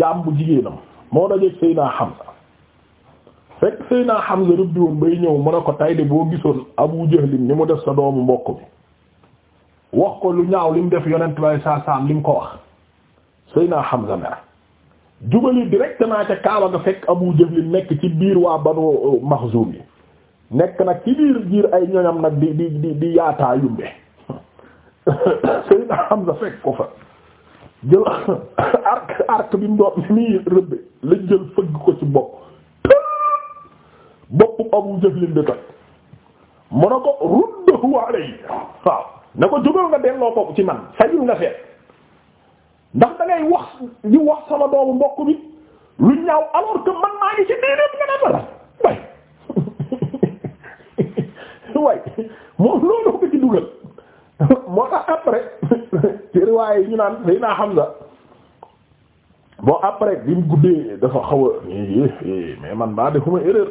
jaam bu jigéenam moo dajeeg Seyna Hamza fekk Seyna Hamza rëbbi woon bay ñëw mu ne ko tay boo gisoon Abu Jahlin ni mu def sa doomu mbokk bi ko lu ñaaw li def yonent bay saa saam li ko wax Seyna Hamza mer jubali directement ca Kaaba nga fekk Abu Jahlin nekk ci biir waa Banu Maxzum yi nekk nag ci biir biir ay ñoñam nag di di di di yaataa yumbe Seyna Hamza fekk ko fa jël arc arc bi mu doon ni muy rëbbe la jël fëgg ko ci bopp bopp Abu Jahlin di toj mu ne ko ruddahu alayhi waaw ne ko jógal nga delloo ko ci man fajul nga seet ndax da wax di wax sama doomu mbokk bi lu ñaaw alors que man maa ngi ci déedéet nga ne ma la way way moom loolu ko ci dugal moo après ci riwaay yi ñu naan day naa Hamza bon après bi mu guddee dafa xaw a mais man maa defuma erreur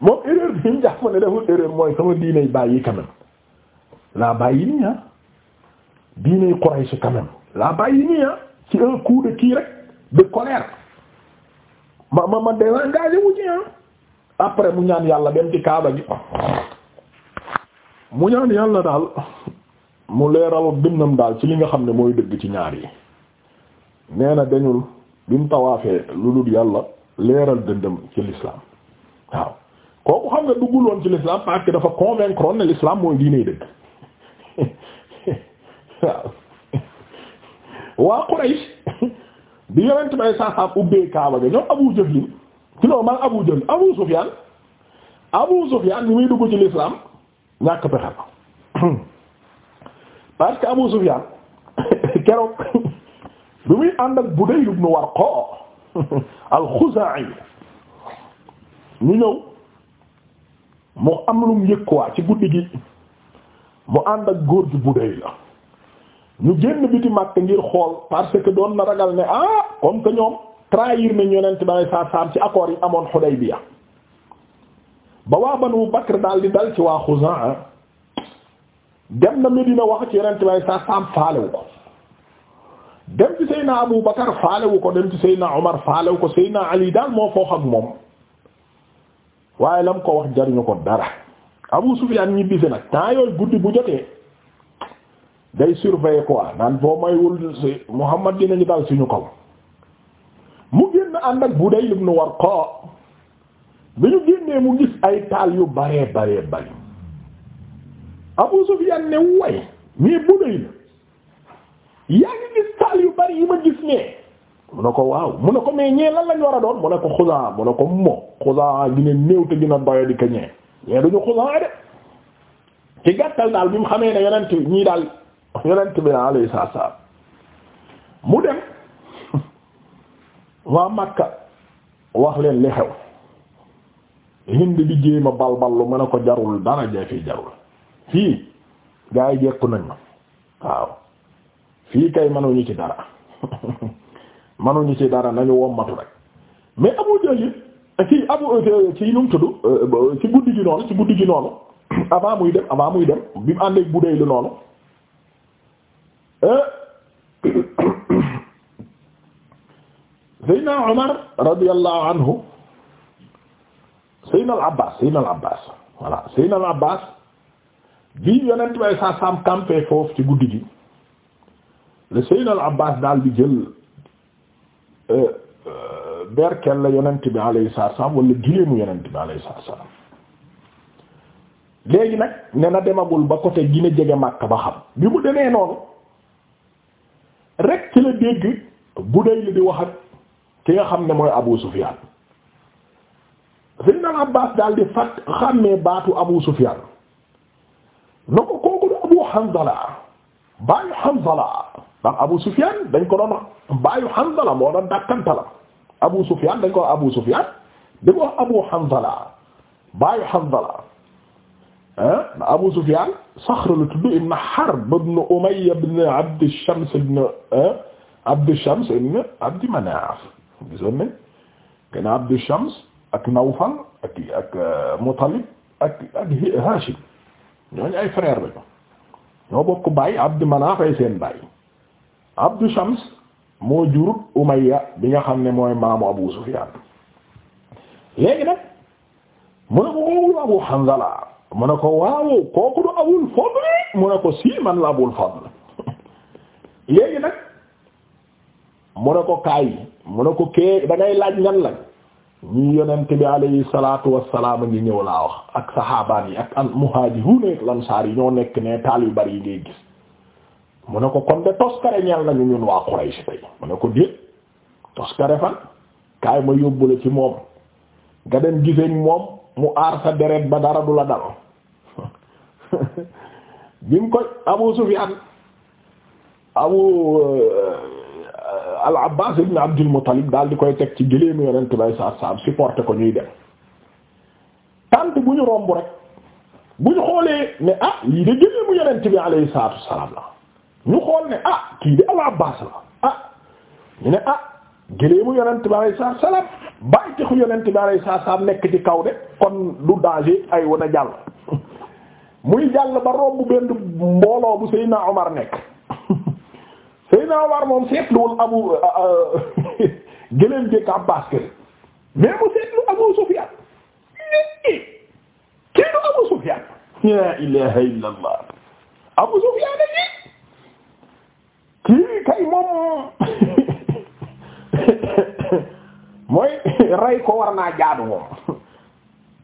moom erreur bi ñu jàpp ne deful erreur mooy sama diiney bàyyi quand même laa bàyyi nii ah diiney Quraysh quand même laa bàyyi nii ah ci un coup de kii rek de colère ma ma ma désengagé wu ci ah après mu ñaan yàlla dem ci Kaaba gi mu ñaan yàlla daal. mu leeraloon dënnam daal ci li nga xam ne mooy dëgg ci ñaar yi nee na dañul bi tawaafee lu dul yàlla leeral dëndam ci l'islam waaw kooku xam nga duggul woon ci l'islam parce dafa convaincre woon ne l'islam mooy diiney dëgg waa Quraysh bi yonent bay saasaam ubbee Kaaba ga ñoom Abu Jahl sinon man Abu Jahl Abu Sufyan Abu Sufyan bi muy dugg ci l'islam ñàkk pexe parce que Abu Sufyan keroog bi muy ànd ak Budayl ibn Warqa al-Khuzaa'i ñu ñëw mu am lu mu yëg ci guddi gi mu ànd ak góor gi Budayl la ñu génn biti Makka ngir xool parce que doon na ragal ne ah comme que ñoom trahir nañ yonent bi saa saam ci accords yi amoon Hudaybiya ba waa Banu Bakr daal di dal ci waa Khuzaa dem na Medina wax ci yonent bay sa saam faalewu ko dem ci Seydina Abu Bakar faalewu ko dem ci Seydina Omar faalewu ko Seydina Ali daal moo foo xam moom waaye lam ko wax jariñu ko dara Abu Sufyaan ñibbisi nag temps yooyu guddi bu jotee day surveiller quoi naan boo maywul si Muhammad dinañu dal suñu kaw mu génn ànd ak Budayl ibn Warqa bi ñu génnee mu gis ay taal yu bare bare bari Abu Sufyan ne way mais bu dee yaa ngi gis taal yu bari yi ma gis nee mu ne ko waaw mu ne ko mais ñee lan lañ war a doon mu ne ko xusaa mu ne ko moo xusaa gi ne néew te gina doyo di ko ñee ñee duñu xusaa de mu dem waa Makka wax leen li xew Hind ma jéema balbal lu mu ne ko jarul dara jafe jarul fii gaa yi jekku nañ waaw fii kay manuñu ci dara manuñu ci dara nañu wommatu rek mais Abu Jahl ci abu ci nu mu tudd euh, ci guddi gi noonu ci guddi gi noonu avant dem avant dem bi mu ànd ak bu dee lu noonu euh, Seydina Umar radiyallahu anhu Seydina al Abbas Seydina al Abbas bi yonent bay sa sam campé foofu ci guddi gi le Seydina al Abbas daal di jël euh, euh, berkel la yonent bi alayhi salaam wala gileemu yonent bi alayhi salaam léegi nag ne na demagul ba côté gina jege Makka ba xam bi mu demee noonu rek ci la dégg Budayl di wax ki nga xam ne mooy Abu Sufyaan Seydina al Abbas daal di fat xàmmee baatu Abu Sufyaan na ko kooku da Abu Hanzala baayu Hanzala ndax Abu Sufyan dañ ko doon baayu Hanzala moo doon dàkkanta la dañ ko wax Abu Sufyan di ko wax Abu Hanzala baayu Hanzala ah Abu Sufyan Saxr la tudd Harb ibn Umayya ibn Abd Shams ibn Abd Shams ibn Abd Manaf Shams ak Nawfal ak ak euh, Mutalib ak ak ñooñu ay frère lañu ñoo bokk baay Abdu Manaaf seen baay Abdu Shams moo jur Umayya bi nga xam ne mooy maamu Abu Sufyaan léegi nag mu ne ko woowul Abu Hanzala mu ne ko waaw kooku du Abul Fadl mu ne ko sii man la Abul léegi nag mu ne ko kaay mu ne ko kee da laaj ñan lañ ñi yonent bi alayhi salaatu wassalaam a ngi ñëw laa wax ak saxaabaan yi ak al muhaajiruun ak lansaar yi ñoo nekk ne taal yu bari yi ngay gis mu ne ko kon de toskare ñeel nañu ñun waa Quraysh tey mu ne ko déet toskare fan kaay ma yóbbu ci moom nga dem gisee moom mu aar sa deret ba dara du la dal bi mu ko Abu Sufyaan Abu euh, al Abbaas ibn Abdul Muttalib daal di koy teg ci gëléemu Yonent bay saab saab supporté ko ñuy dem tant bu ñu romb rek bu ñu xoolee ne ah lii de gëléemu Yonent bi alayhi salaatu salaam la ñu xool ne ah kii de al Abbaas la ah ñu ne ah gëléemu Yonent bi alayhi salaatu salaam bàyyi texu Yonent bi alayhi salaatu salaam nekk ci kaw de kon du danger ay wan a jàll muy jàll ba romb benn mbooloo bu Seydina Omar nekk Seydina Omar moom seetluwul abu euh, euh, gëléem jëkk Abbaas kër mu seetlu Abu Sufyaan kii du Abu Sufyaan la ilaha illa Abu Sufyaan a ngi kii kay moom mooy rey ko war naa jaadu moom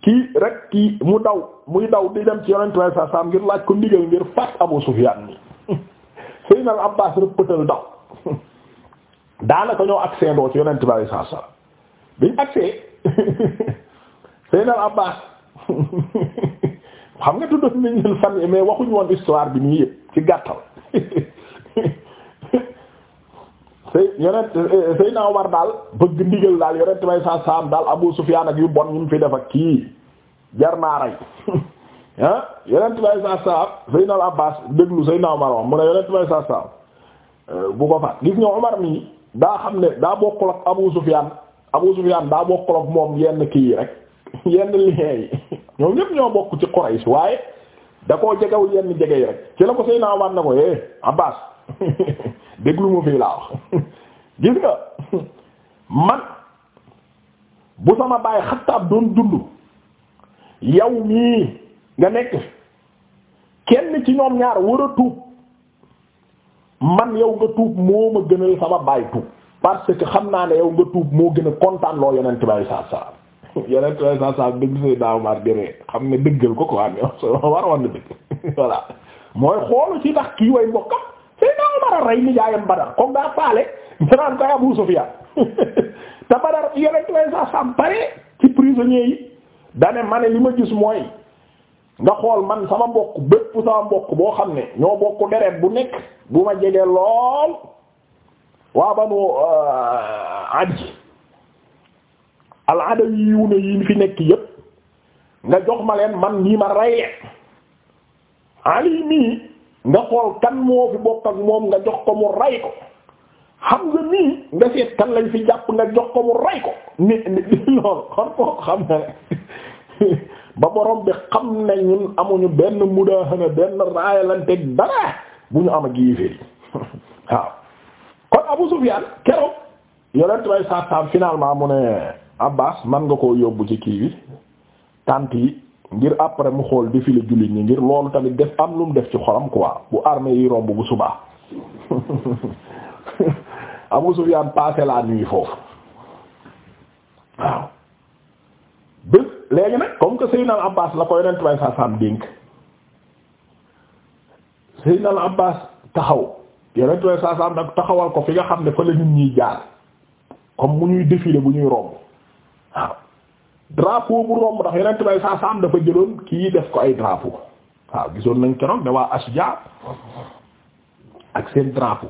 kii rek kii mu daw muy daw di dem ci Yonent sallallahu alayhi ngir laaj ko ndigal ngir faat Abu Sufyaan Seydina Abbaas rëppëtal daw daanaka ñoo agsee doo ci yonent bi saa saa biñ agsee Seydina Abbaas xam nga tudd nañ leen fan mais waxuñu woon histoire bi nii yëpp ci gàttal Sey yonent eh, Seydina Omar daal bëgg ndigal daal yonent bi saa saa daal Abu Sufyaan ak yu bon ñu mu fi def ak kii jar naa rey ah yonent bay saa saab Seydina Abbas déglu Seydina Omar wax mu ne yonent bay saa saab bu ko faat gis nga Omar mii daa xam ne daa bokkul ak Abu Sufyan Abu Sufyan daa moom yenn kii yi rek yenn liens yi ñoom ñëpp ñoo bokk ci Quraysh waaye da koo jegewul yenn jege yi rek ci la ko Seydina Omar na ko eh Abbas déglu mu fii laa wax gis nga man bu sama baay Xattaab doon dund yow nga nekk kenn ci ñoom ñaar war a tuub man yow nga tuub moo ma gënal sama baay tuub parce que xam naa ne yow nga tuub moo gën a kontaan loo yonent baay saa saa yonent baay daaw maar xam ne dëggal ko ko am yow so war mooy xoolu ci tax kii way mbokkam say daaw maar a rey ni jaayam Badar comme nga naan koy Abu Sufyan te Badar bare ci prisonnier yi dane ma ne li ma gis mooy nga xool man sama mbokk bépp sama mbokk boo xam ne ñoo bokk deret bu nekk bu ma jege lool waa banu aji alada yi wu ne yi fi nekk yépp nga jox ma leen man nii ma rey leen ali mii nga xool kan moo fi bokk moom nga jox ko mu rey ko xam nga mii nga seet kan lañ fi jàpp nga jox ko mu rey ko ni ni loolu kon koo xam ne ba borom bi xam ne amuñu benn mudaahana benn raayalanteg dara bu ñu am ak yéeféer yi waaw kon Abu Sufyaan keroog yolent bay saab finalement mu ne Abbas man nga koo yóbbu ci kii bi tànt yi ngir après mu xool défilé jullit ñi ngir loolu tamit def am lu mu def ci xolam quoi bu armée yi romb bu subaa Abu Sufyaan passé la nuit foofu waaw léegi nag comme que Seydina al Abbas la ko yonent bay saa saam dénk al Abbas taxaw yonent bay saa taxawal ko fi nga xam ne fa la comme mu ñuy défilé bu ñuy romb waaw drapeau bu romb ndax yonent dafa jëloon kii def ko ay drapeau waaw gisoon nañ keroog ne waa Ashja ak seen drapeau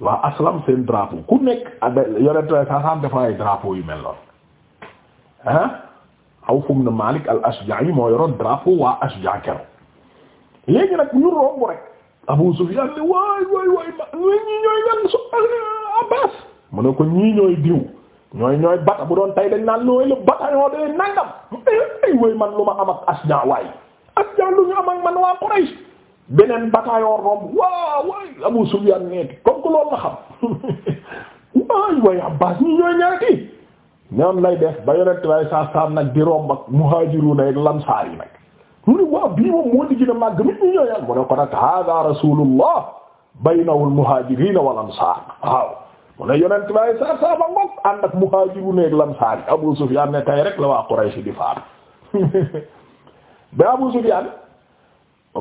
waa Aslam seen drapeau ku nekk ak yonent bay saa dafa ay drapeau yu mel noonu ah. Awf ibn Malik al-Ashja'i moo yoroon drapeau waa Ashja' kero léegi nag ñu romb rek Abu Sufyan ne waay waay waay ma ñii ñooy ñan su Abbas mu ne ko ñii ñooy diw ñooy ñooy bata bu doon tay dañ naan looy la bata yoo dee nangam ay way man lu ma am ak Ashja' lu ñu am ak man waa beneen bataayoon romb waaw waay Abu Sufyan neeti comme que loolu la xam waay waay Abbas ñii ñooy ñaati ñoom lay def ba yonent way sa sam nag di romb ak muhajiruna ak lamsaar nag mu ne waaw bii moom moo di gën a màgg mit ñu ñooyal ko nag hada rasulullah baynahu al muhajirina wal ansar waaw mu ne yonent way sa sama ngog ànd ak muhajiruna ak lamsaar Abu Sufyan ne tay rek la waa Quraysh di faatu ba Abu Sufyan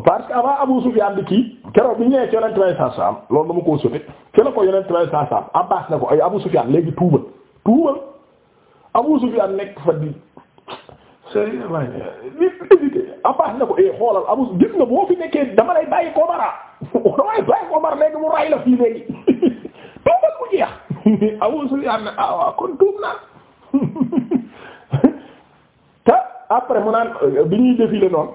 parce que avant Abu Sufyan bi kii keroog bi ñëwee ci yonent way sa sam loolu dama koo sote ke la ko yonent way sa ko ay Abu Sufyan léegi tuubal Abu Sufyaan nekk fa di sëriñ waay nit hésité Abbaas xoolal Abu gis boo fi nekkee dama lay bàyyi ko mara damay mu ray la fii léegi toogal mu jeex Abu Sufyaan ne ah waaw kon tuub mu naan euh, bi ñuy défilé noonu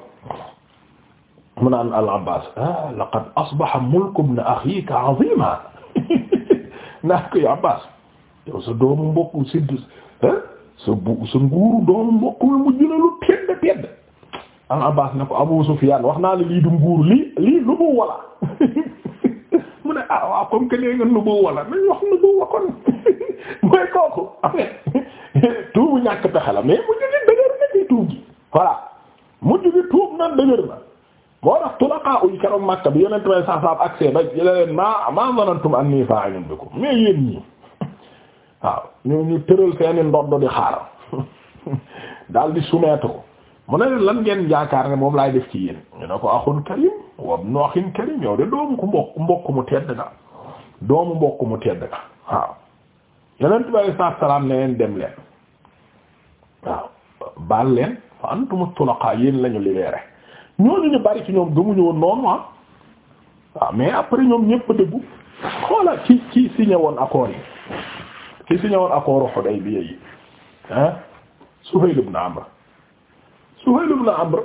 mu naan al-Abbaas ah laqad asbaha mulku ibn akhiika aziima sa bu sa nguuru doomu mbokk mi mujj na lu tedd tedd al Abbaas ne ko Abu Sufyaan wax naa ne lii du nguur lii lii lu mu wala mu ne ah waaw comme que nee nga lu mu wala nañ wax lu mujj gi dëgër na ci tuub na moo tax tulaqaa uy keroog Makka bi yonent may saab saab accès ba jëlee leen maa maa zanantum annii faa'ilun bikum mais yéen ñi waaw ñu ñu tëral seeni ndodd di xaar daal di soumettre mu ne lan ngeen yaakaar ne moom laay def ci yéen ñu ne ko axun karim wa ibnu axin karim yow de doomu ko mbokk mbokk mu tedd nga doomu mbokk mu tedd nga waaw yonent bi alayhi salaatu salaam ne leen dem leen waaw baal leen fa antumu tulaqaa yéen lañu libéré ñooñu ñu bari ci ñoom gëmuñu woon noonu ah waaw mais après ñoom ñépp dëggu xoola ci ci signé woon accord yi ci si ñëwoon accord Hudaybiya yi ah Suhayl ibn Amr Suhayl ibn Amr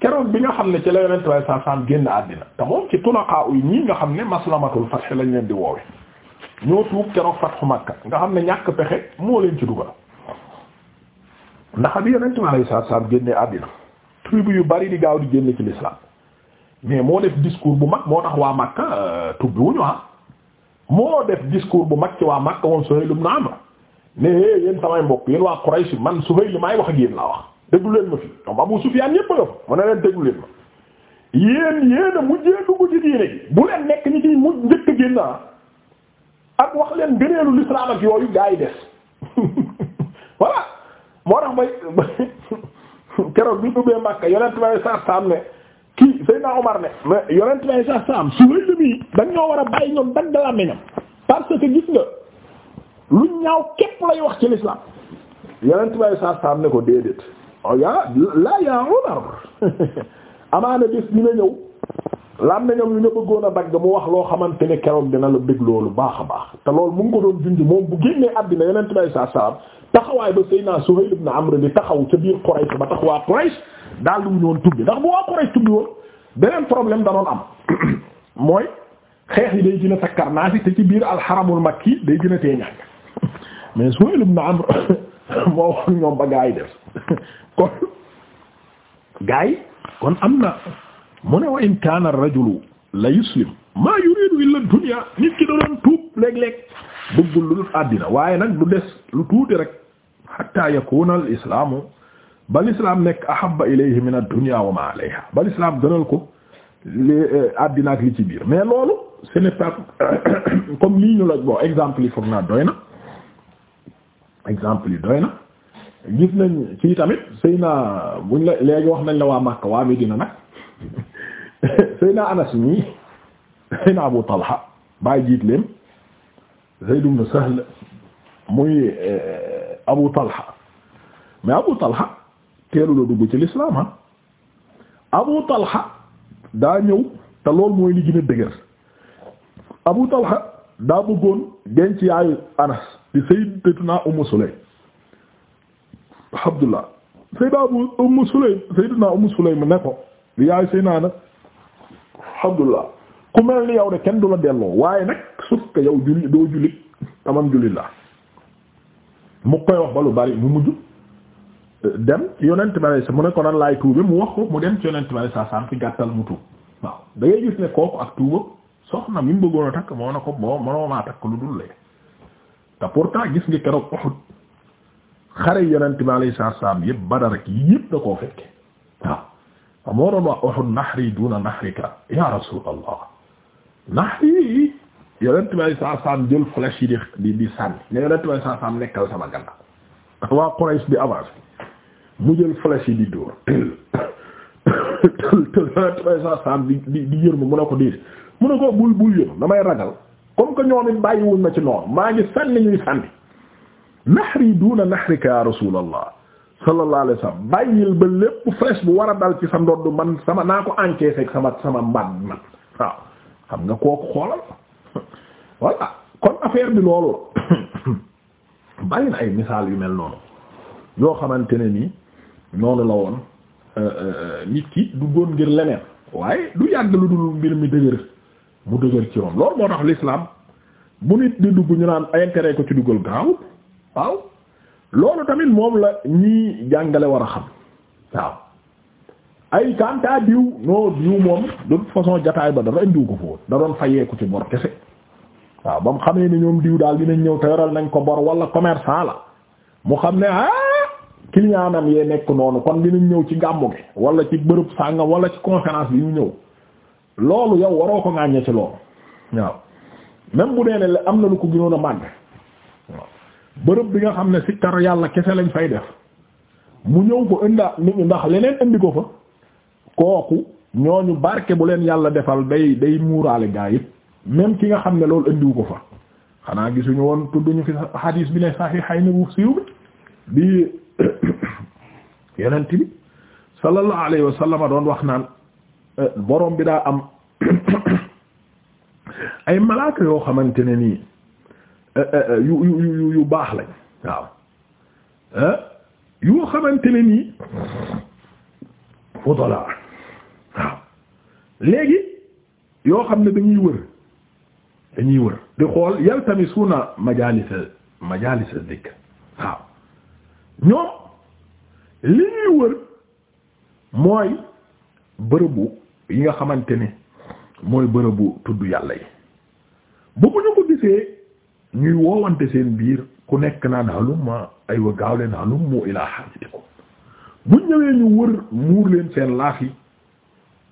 keroog bi nga xam ne ci la yonent way sa sam génn àddina te moom ci tulaqaa uy ñii nga xam ne maslamatul fath lañ leen di woowe ñoo tuub keroog fathu Makka nga xam ne ñàkk pexe moo leen ci dugal ndax bi yonent bi alei saatu génnee àddina tribu yu bari di gaaw di génn ci l'islam mais moo def discours bu mag moo tax waa Makka euh, tubbi wuñu ah moo def discours bu mag ci waa Makka moom Suhayl ibn Amr ne é eh, yéen samay mbokk yéen waa Quraysh man Suhayl maay wax ak yéen laa wax déglu leen ma fi donc Abu Sufyaan ñépp a nga fa mu ne leen déglu leen ma yéen yéen a mujjee dugg bu nekk ñi ciy mujj njëkk génn naa ah. ak wax leen gëneelu l'islam ak yooyu gaa yi des voilà moo tax may keroog bi ubbee Makka yonent may saar saam ne Seydina Omar ne mais yonent nay sax saam Suhayl mi dañ ñoo war a bàyyi ñoom dagg làmmiñam parce que gis nga lu ñaaw képp lay wax ci l'islam yonent nay sax saam ne ko déedéet oh yaa laa yaa Omar amaana bés dina ñëw lam na ñoom ñu ne bëggoon a dagg mu wax loo xamante ne keroog dina la dégg loolu baax a baax te lool mu ngi ko doon junj moom bu génnee àddina yonent nay sax saam taxawaay ba Seydina Suhayl ibn Amr bi taxaw ca biir Quraysh ba tax daal lu ndax beneen problème da doon am mooy xeex yi day jina a takkar naa te ci biir alxaramul makki day gën a teeñaag mais Suhayl ibn Amr moo wax ñoom ba gaa yi kon gaa kon am na mu ne wa in kaana ar la yuslim maa yuridu illa dunya waaye nag lu des lu tuuti rek hatta yakuna al-islaamu ba l'islam nekk ahabba ilayhi min ba l'islam gënal ko li eh, àddina ak li ci biir mais loolu ce n'est pas comme lii ñu la bon exemple yi foog naa doy na exemple yi doy na gis nañ fii tamit Seyna buñ la léegi wax nañ la waa Makka waa Medina nag Seyna Anas mi Seyna Abu Talha bàyyi jiit leen Zayd ibn Sahl muy eh, Abu Talha mais Abu Talha teelu la dugg ci l'islam ah Abu Talha daa ñëw te loolu mooy li gën a dëgër Abu Talha daa bëggoon denc yaayu Anas di sayyidatuna Umm Sulaym Abdullah sayyidatuna Abu Umm Sulaym sayyidatuna Umm Sulaym ne ko yaayu sayyidina Anas Abdullah ku mel ni yow de kenn du la delloo waaye nag suuf que yow julli doo jullit tamam jullit la mu koy wax ba lu bari mu mujj dem ci yonent bi alayhi mu ne ko nan tuube mu wax ko mu dem ci yonent bi alayhi salaam ci gàttal mu tuub waaw da ngay gis ne kooku ak tuuba soxna mi mu bëggoon takk moo na ko moo mënoo maa takk lu dul lee te pourtant gis nga keroog Uhud xare yonent bi alayhi salaam yëpp Badar ak yëpp da koo fekke waaw moo doon wax Uhud nahri duna nahrika ya rasulallah nahri yonent bi alayhi salaam jël flèche yi di di sànni ne yonent bi alayhi salaam nekkal sama gannaaw mu jël flèche yi di dóor tël tël tël sa sam di di di yërma mu ne ko diis mu ne ko bul bul yërma damay ragal comme que ñoom it bàyyiwuñ ma ci noonu maa ngi sànni ñuy sànni nahri duna nahrika ya rasulallah sallallahu alayhi bàyyil ba lépp flèche bu war a dal ci sa ndodd man sama naa ko encaissé ak sama sama mbaat man waaw xam nga kooku xoolal voilà kon affaire bi loolu bàyyi na ay misaal yu mel noonu yoo xamante ne nii noonu la woon euh, euh, nit ki duggoon ngir leneen waaye du yàgg lu dul mbir mi dëgër mu dëgër ci moom loolu moo tax l'islam bu nit di dugg ñu naan ay intérêt ko ci dugal gaaw waaw loolu tamit moom la ñiy jàngale war a xam waaw ay kantaa diw noo diw moom de toute façon jataay ba dara indiw ko foofu da doon fayeeku ci bor kese waaw ba mu xamee ni ñoom diw daal dinañ ñëw te yoral nañ ko bor wala commerçant la mu xam ne ah client am yee nekk noonu kon nañ ñëw ci gàmmu gi wala ci bërëb sàngam wala ci conférence bi ñu ñëw loolu yow waroo ko ŋàññe ci loolu waaw même bu dee ne am na lu ko gënoon a màgg bërëb bi nga xam ne sikkar yàlla kese lañ fay def mu ñëw ko ënda ndax leneen indi ko fa kooku ñu barke bu leen yàlla defal day day muuraale gaa yëpp même ki nga xam ne loolu indiwu ko fa xanaa gisuñu woon tudduñu fi hadis bi ne saxiixay ni siiw bi. yonent bi sallallahu alayhi wa sallam doon wax naan eh, borom bi daa am ay malaaka yoo xamante ne nii eh, eh, yu yu yu baax lañ waaw yoo xamante ne nii fudala waaw léegi yoo xam ne dañuy wër dañuy wër di xool yaltamisuna majalis majalis dhikr ñoom li ñuy wër mooy bërëbu yi nga xamante ni mooy bërëbu tudd yàlla yi bu bu ñu ko gisee ñuy woowante seen biir ku nekk naan halumma aywa gaaw leen halummu ilaa haajatikum bu ñëwee ñu wër muur leen seen laaf yi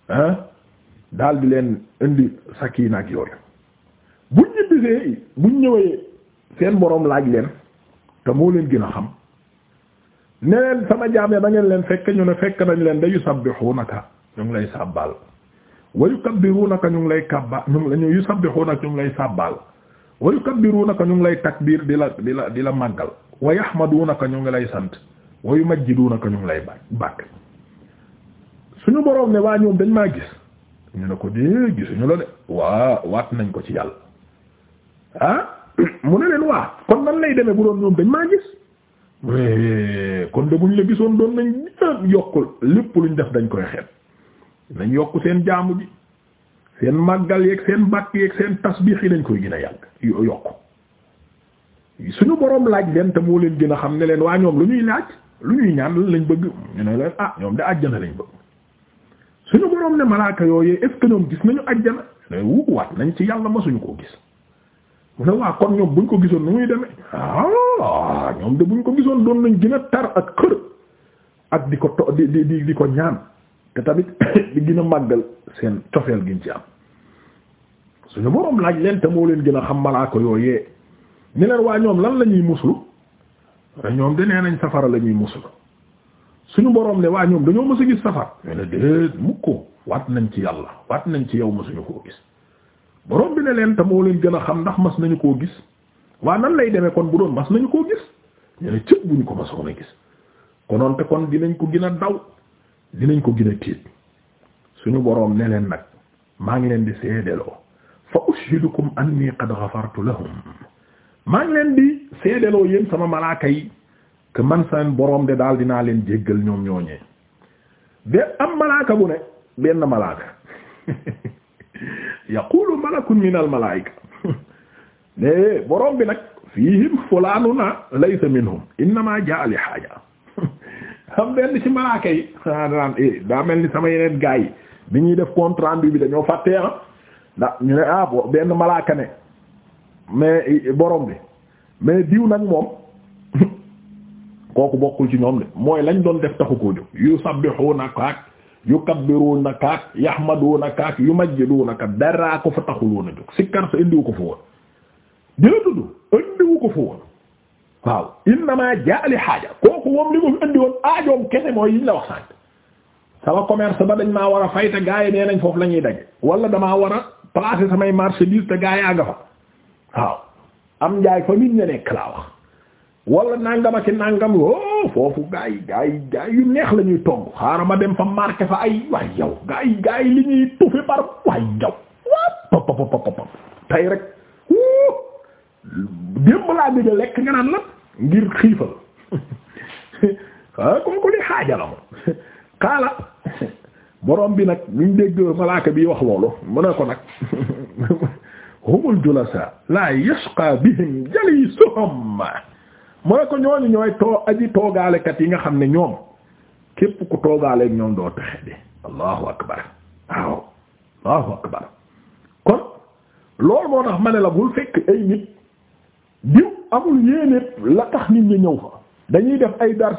ah daal leen indi sakina nag yooyu bu ñu gisee bu ñëwee seen borom laaj leen te moo leen gën a xam. ne leen sama jaam ya da ngeen leen fekk ñu ne fekk nañ leen da yusabbihunaka ñu ngi lay sàbbal wa yukabbirunaka ñu ngi lay kabba ñu ngi lay yusabbihunaka ñu ngi lay sàbbal wa yukabbirunaka ñu ngi lay takbir di la di la di la màggal wa yahmadunaka ñu ngi lay sant wa yumajjidunaka ñu ngi lay bak bàkk suñu boroom ne waa ñoom dañ maa gis ñu ne ko dee gisuñu la de waa waat nañ ko ci yàlla ah mu ne leen waa kon nan lay demee bu doon ñoom dañ maa gis kon de buñ la gisoon doon nañ yokk lépp luñ def dañ koy xeet nañ yokk seen jaamu ji seen màggal yeeg seen bàkk yeeg seen tasbiix yi dañ koy gën a yàgg yokk suñu boroom laaj leen te moo leen gën a xam ne leen waa ñoom lu ñuy laaj lu ñuy ñaan lan lañ bëgg ñu ne leen ah ñoom de àjjana lañ bëgg suñu boroom ne malaaka yooyee est ñoom gis nañu àjjana ne wuwaat nañ ci yàlla ma suñu koo gis mu ne waa kon ñoom buñ ko gisoon nu muy demee ah ñoom de buñ ko gisoon doon nañ gën a tar ak xër ak di ko to di di ko ñaan te tamit di gën a màggal seen cofeel giñ ci am suñu boroom laaj leen te moo leen gën a xam malaaka yooyee ñu leen waa ñoom lan la ñuy muslu ñoom de nee nañ safara la ñuy muslu suñu boroom ne waa ñoom dañoo mës a gis safar ne déet mukk ko waat nañ ci yàlla waat nañ ci yow mësuñu koo gis borom bi ne leen te moo leen gën a xam ndax mas nañu koo gis waa nan lay demee kon bu doon mas nañu koo gis ñu ne bu ñu ko masoon a gis konoon te kon dinañ ko gin a daw dinañ ko gin a tiit suñu boroom ne leen nag maa ngi leen di seedeloo fa ushidukum anni qad ghafartu lahum maa ngi leen di seedeloo yéen sama malaaka yi que man seen boroom de daal dinaa leen jéggal ñoom ñooñee de am malaaka bu ne benn malaaka yaqulu malakun min al malaayika mais borom bi nag fiihim fulaanuna laysa minhum innama jaa li haaja xam benn ci malaaka yi daan eh, daa mel ni sama yeneen gaa yi bi ñuy def compte rendu bi dañoo fàttee ah ndax ñu ne ah, benn malaaka ne mais eh, borom bi mais diw nag moom kooku bokkul ci ñoom de mooy lañ doon def taxu koo jóg yu sabbihuna ak yukabbiruuna kaak yahmaduuna kaak yumajjiduuna kaak daraa ko fa taxul woon a jóg sikkar sa ko fa woon dina tudd indiwu ko fa woon waaw innamaa jaa li xaaja kooku moom li ma fi woon aajoom kese mooy yiñ la wax sànq sama commerce ba dañ maa war a fay te gaa yi nee nañ foofu lañuy ñuy daje wala damaa war a placer samay marchandise te gaa yaa nga fa waaw am njaay fa nit ña nekk wax wala nangam ak nangam oh foofu gaa yi gaa yu neex lañuy togg xaaral ma dem fa marqué fa ay waay yow gaa yi li ñuy tufi par waay yow waaw rek démb laa bi de lekk nga naan la ngir xiifal ah li xaaja xaala borom bi nag buñ dégg malaaka bi wax loolu mu ne ko nag humul julasa la yashqa bihim jalisuhum mu ne ko ñooñu ñooy too aji toogaalekat yi nga xam ne ñoom képp ku toogaaleek ñoom doo texe de allahu akbar waaw allahu akbar kon loolu moo tax ma ne la bul fekk ay nit diw amul yéene la tax nit ñi ñëw fa dañuy def ay dars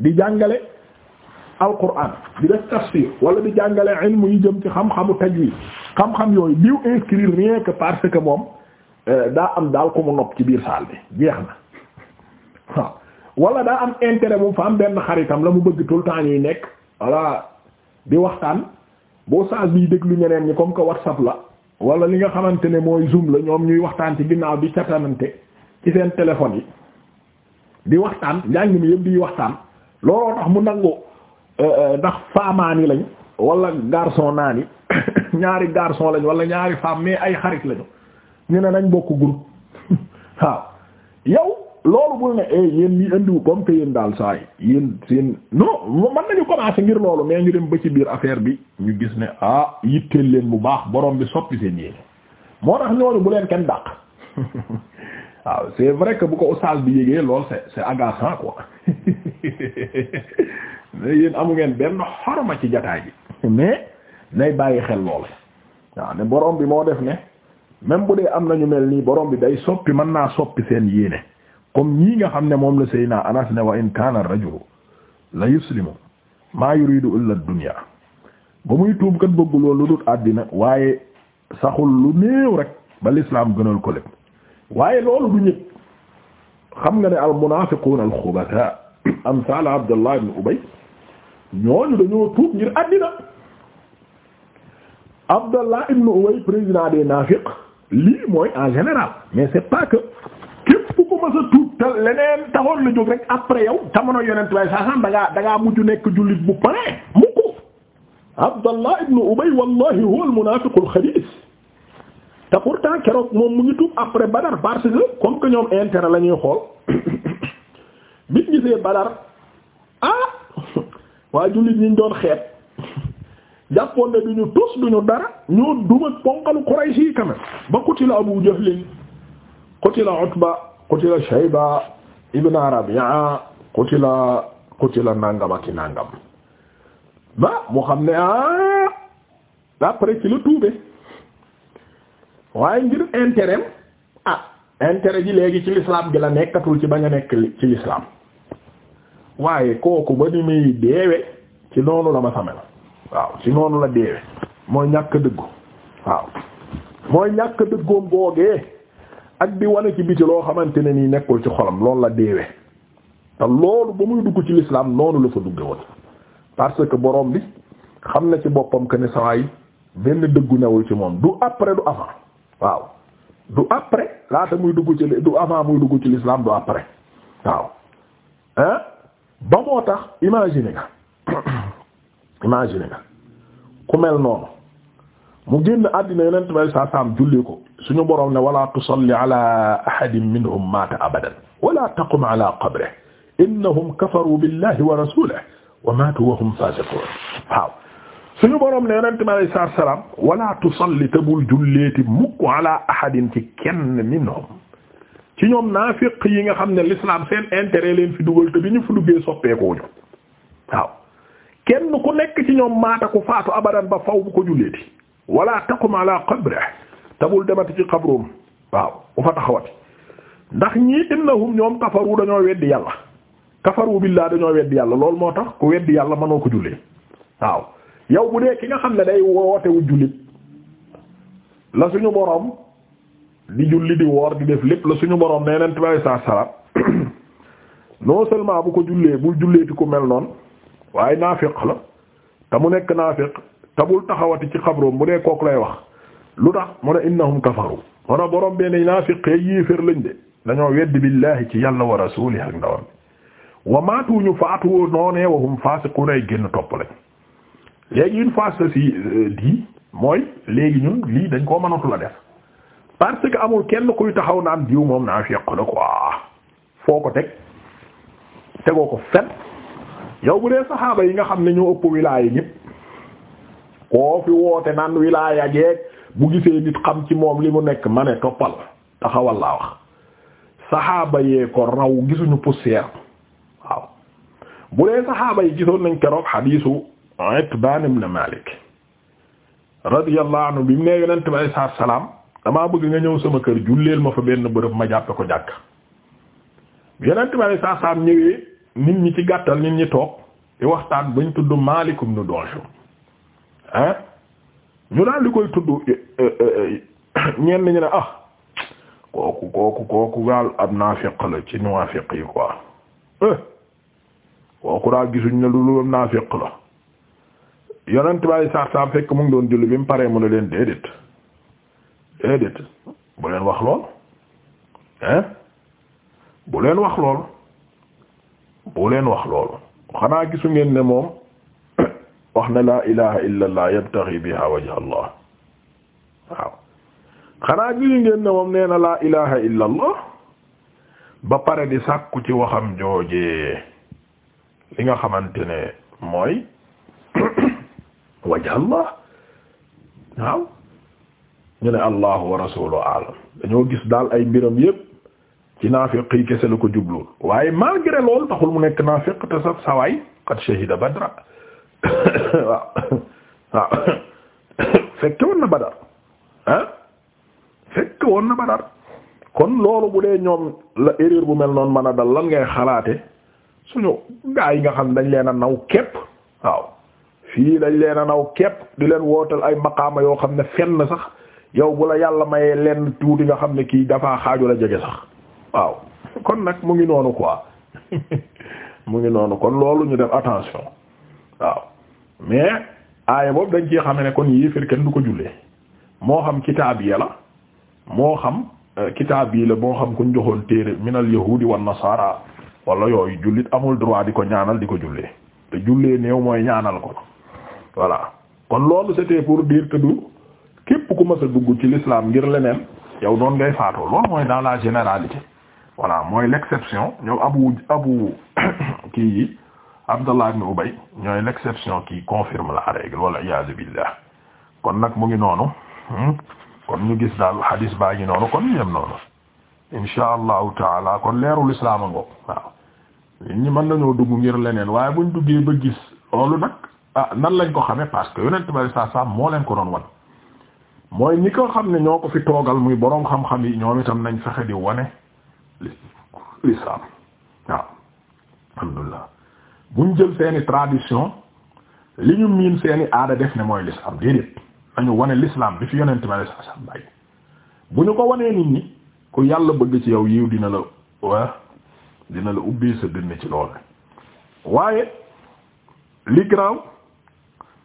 di jàngale alquran di def tafsir wala di jàngale ilmu yi jëm ci xam-xamu tajwid xam-xam yooyu diw inscrire rien que parce que moom euh, daa am daal ko mu nopp ci biir saal bi jeex na waaw wala daa am intérêt bu fa am benn xaritam la mu bëgg tout le nekk voilà di waxtaan boo saa bii déglu ñeneen ñi comme que whatsapp la wala li nga xamante ne mooy zoom la ñoom ñuy waxtaan ci ginnaaw di catanante ci seen téléphone yi di waxtaan njàng mi yëpp di waxtaan looloo tax mu nangu euh, euh, ndax faamaani lañ wala garçon naa ni ñaari garçon lañ wala ñaari femme mais ay xarit lañu ñu ne nañ bokk groupe waaw loolu bul ne eh yéen ñi andiwu comme que yéen daal saa yi yéen seen non mën nañu commencer ngir loolu mais ñu dem ba ci biir affaire bi ñu gis ne ah yitteel leen bu baax borom bi soppi seen yéen moo tax ñooñu bu leen kenn dàq waaw c'est vrai bu ko oustaz bi yégee lool c'est c'est agaçant quoi mais yéen amu ngeen benn xorma ci jataay bi mais nay bàyyi xel lool waaw ne borom bi moo def ne même bu dee am nañu mel nii borom bi day soppi mën naa soppi seen yéene. comme ñii nga xam ne moom la Seydina Anas ne wa in kaana ar la yuslimu maa yuridu illa ad-dunya ba muy tuub kat bëggul woon lu dul àddina waaye saxul lu néew rek ba l'islam gënal ko lépp waaye loolu du ñëpp xam nga ne al-munaafiquuna al-xubathaa amsaal Abdallah ibn Ubay ñooñu dañoo tuub ngir àddina Abdallah ibn Ubay président des naafiq lii mooy en général mais c'est pas que. mas a tuub te leneen taxoon la jóg rek après yow jamono yonent waaye saasam da ngaa da ngaa mujj nekk jullit bu pare mukku Abdallah ibn Ubay wallahi huwa al-munaafiqul xabiis te pourtant keroog moom mu ngi tuub après Badar parce que comme que ñoom intérêt la ñuy xool bit gisee Badar ah waa jullit ñi ñu doon xeet jàppoon ne du ñu tus du ñu dara ñoo duma ponkalu Quraysh yi quand même ba qutila Abu Jahl qutila Utba qutila Shayba ibn Rabi'a qutila qutila nangam ak nangam ba mu xam ne ah après ci la tuube waaye ngir intérêt ah intérêt ji léegi ci l'islam gi la nekkatul ci bañ a nekk ci l'islam waaye kooku ba ni muy deewe ci noonu la ma same la waaw ci noonu la deewe mooy ñàkk dëggu waaw mooy ñàkk dëggoom googee ak di wane ci biti loo xamante ne nii nekkul ci xolam loolu la deewee te loolu ba muy dugg ci l'islam noonu la fa dugge parce que borom bi xam na ci boppam que ne saa benn dëggu newul ci moom du après du avant waaw du après laata muy dugg ci du avant muy dugg ci l'islam du après waaw ah ba moo tax imagine nga imagine nga ku mel noonu mu génn àddina yonent bay saa saam julli ko suñu borom ne wala tusalli ala ahadin minhum mata abadan wala taqum ala qabrihi innahum kafaru billahi wa wala tusalli te bul julleeti mukk ala ahadin ci kenn minhum ci ñoom naafiq yi nga xam ne l'islam seen intérêt leen fi dugal te bi ñu fi duggee soppeekoo ñu waaw kenn ku nekk ci ñoom maata ku faatu abadan ba faw bu ko julleeti wala taqum ala qabrihi tabul demati ci xabroom waaw bu fa taxawati ndax ñii innahum ñoom kafaru dañoo weddi yàlla kafaru billaa dañoo weddi yàlla loolu moo tax ku weddi yàlla mënoo ko jullee waaw yow bu dee ki nga xam ne day wootewu jullit la suñu boroom di julli di woor di def lépp la suñu boroom nee neen tibari saa salaam non seulement bu ko jullee bul julleeti ku mel noonu waaye naafiq la te mu nekk naafiq te bul taxawati ci xabroom bu dee kook lay wax lu tax mu ne innahum kafaru mu ne borom bee nañ naa fiqee yéeféer lañ de dañoo weddi billahi ci yàlla wa rasuuli ak ndawam wa maatuñu faatu noonee wa hum faasiquun ay génn topp lañ léegi une fois ceci euh, dit mooy léegi ñun lii dañ koo mënatu la def parce que amul kenn kuy taxaw naan diw moom naa fiq la quoi foo ko teg tegoo ko fen yow bu dee saxaaba yi nga xam ne ñoo ëpp wilaaya ñépp koo fi woote naan wilaaya jeeg bu gisee nit xam ci moom li mu nekk ma ne toppal taxawal laa wax saxaaba yee ko raw gisuñu poussière waaw bu dee saxaaba yi gisoon nañ keroog xadiisu Itbaan ibn Maalik radiyallahu anhu bi mu nee yonent bi alayhi salaam damaa bëgg nga ñëw sama kër julleel ma fa benn bërëb ma jàppe ko jàkk yonent bi alayhi salaatu salaam ñëwee nit ñi ci gàttal nit ñi toog di waxtaan bañ tudd Maalik ibn Dushum ah ñu daal di koy tudd eh, eh, eh, ñenn ñu ne ah kooku kooku kooku gaal ab naafiq la ci naafiq yi quoi kooku daal gisuñ ne lu lu naafiq la yonent baay saar saar fekk mu ngi doon julli bi mu paree mu ne leen déedéet déedéet bu leen wax lool hein bu leen wax lool bu leen wax lool xanaa gisu ngeen ne moom wax na laa ilaha illa allah yabtaghi biha wajha allah waaw xanaa gii ngeen ne moom nee na laa ilaha illa allah ba pare di sàkku ci waxam joojee li nga xamante ne moy wajha allah waaw ñu ne allahu wa rasuluhu aalam dañoo gis daal ay mbiram yépp ci naafiq yi kese la ko jublu waaye malgré loolu taxul mu nekk naafiq te sax sawaay qad shahida badra waaw waaw fekke woon na badar ah fekke woon na badar kon loolu bu dee ñoom la erreur bu mel noonu mën a dal lan ngay xalaate suñu gaa yi nga xam ne dañ leen a naw képp waaw fii dañ leen a naw képp di leen wootal ay maqaama yoo xam ne fenn sax yow bu la yàlla mayee leen tuuti nga xam ne kii dafaa xaaju la jege sax waaw kon nag mu ngi noonu quoi mu ngi noonu kon loolu ñu def attention waaw mais aaya boobu dañ ci xame ne kon yéeféer kenn du ko jullee moo xam kitaab ya la moo xam euh, kitaab yii la moo xam kuñ joxoon téere minal yahudi wan nasara wala yooyu jullit amul droit di ko ñaanal di ko jullee te jullee néew mooy ñaanal ko voilà kon loolu c'était pour dire que képp ku mës a dugg ci l'islam ngir leneen yow doon ngay faatoo loolu mooy dans la généralité voilà mooy l'exception ñoom abu abu kii yi Abdallah ibn Ubay ñooy l'exception qui confirme la règle wal iyaadu billah kon nag mu ngi noonu hmm? kon ñu gis daal hadis baa ngi noonu kon yem noonu insha allahu taala kon leeru islaam a ngoog waaw ñi mën nañoo dugg ngir leneen waaye buñ duggee ba gis loolu nag ah nan lañ ko xamee parce que yonent bari saa saa moo leen ko doon wan mooy ñi ko xam ne ñoo ko fi toogal muy boroom xam-xam yi ñoom itam nañ fexe di wane l'islam waaw buñ jël seeni tradition li ñu miin seeni aada def ne mooy l'islam déedéet nañu wane l'islam bi fi yonent ma sa sa bàyyi bu ñu ko wanee nit ñi ku yàlla bëgg ci yow yiw dina la waa dina la ubbee sa dënn ci loolu waaye li graw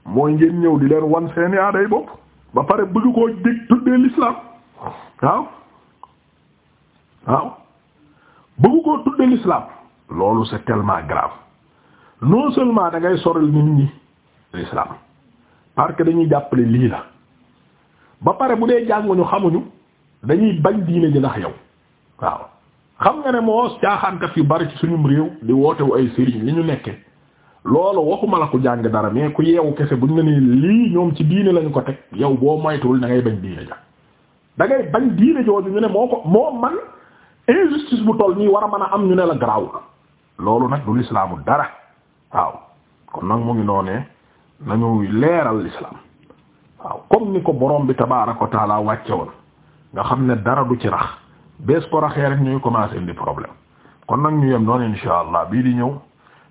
mooy ngeen ñëw di leen wan seeni aaday bopp ba pare bëgg koo dégg tuddee l'islam waaw waaw bëgg koo tuddee l'islam loolu c'est tellement grave non seulement da ngay soril nit ñi l'islam parce dañuy jàppale lii la ba pare bu dee ñu xamuñu dañuy bañ diine ji ndax yow waaw xam nga ne moo caaxaankat yu bari ci suñum réew di wootewu ay sëriñ li ñu nekke loolu waxuma la ku jàng dara mais ku yeewu kese buñ la ne lii ñoom ci diine lañu ko teg yow boo moytuwul da ngay bañ diine ja da ngay bañ diine jooju ñu ne moo ko moo man injustice bu toll nii war a mën a am ñu ne la garaw loolu nag du lislaamu dara waaw kon nag mu ngi noonee nañu leeral l'islam waaw comme ni ko borom bi tabaaraka wa taala wàcce nga xam ne dara du ci rax bes ko raxee rek ñuy commencé indi problème kon nag ñu yem noonu insha allah bii di ñëw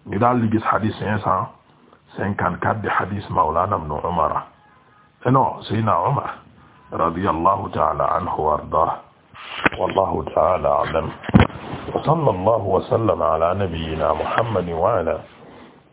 ñu daal di gis hadith cinq cent cinquante quatre di hadith mawlana ibn umar eh non sayyidina umar radiyallahu ta'ala anhu wa ardaah wallahu ta'ala a'lam wa sallallahu wa sallama ala nabiyyina muhammadin wa ala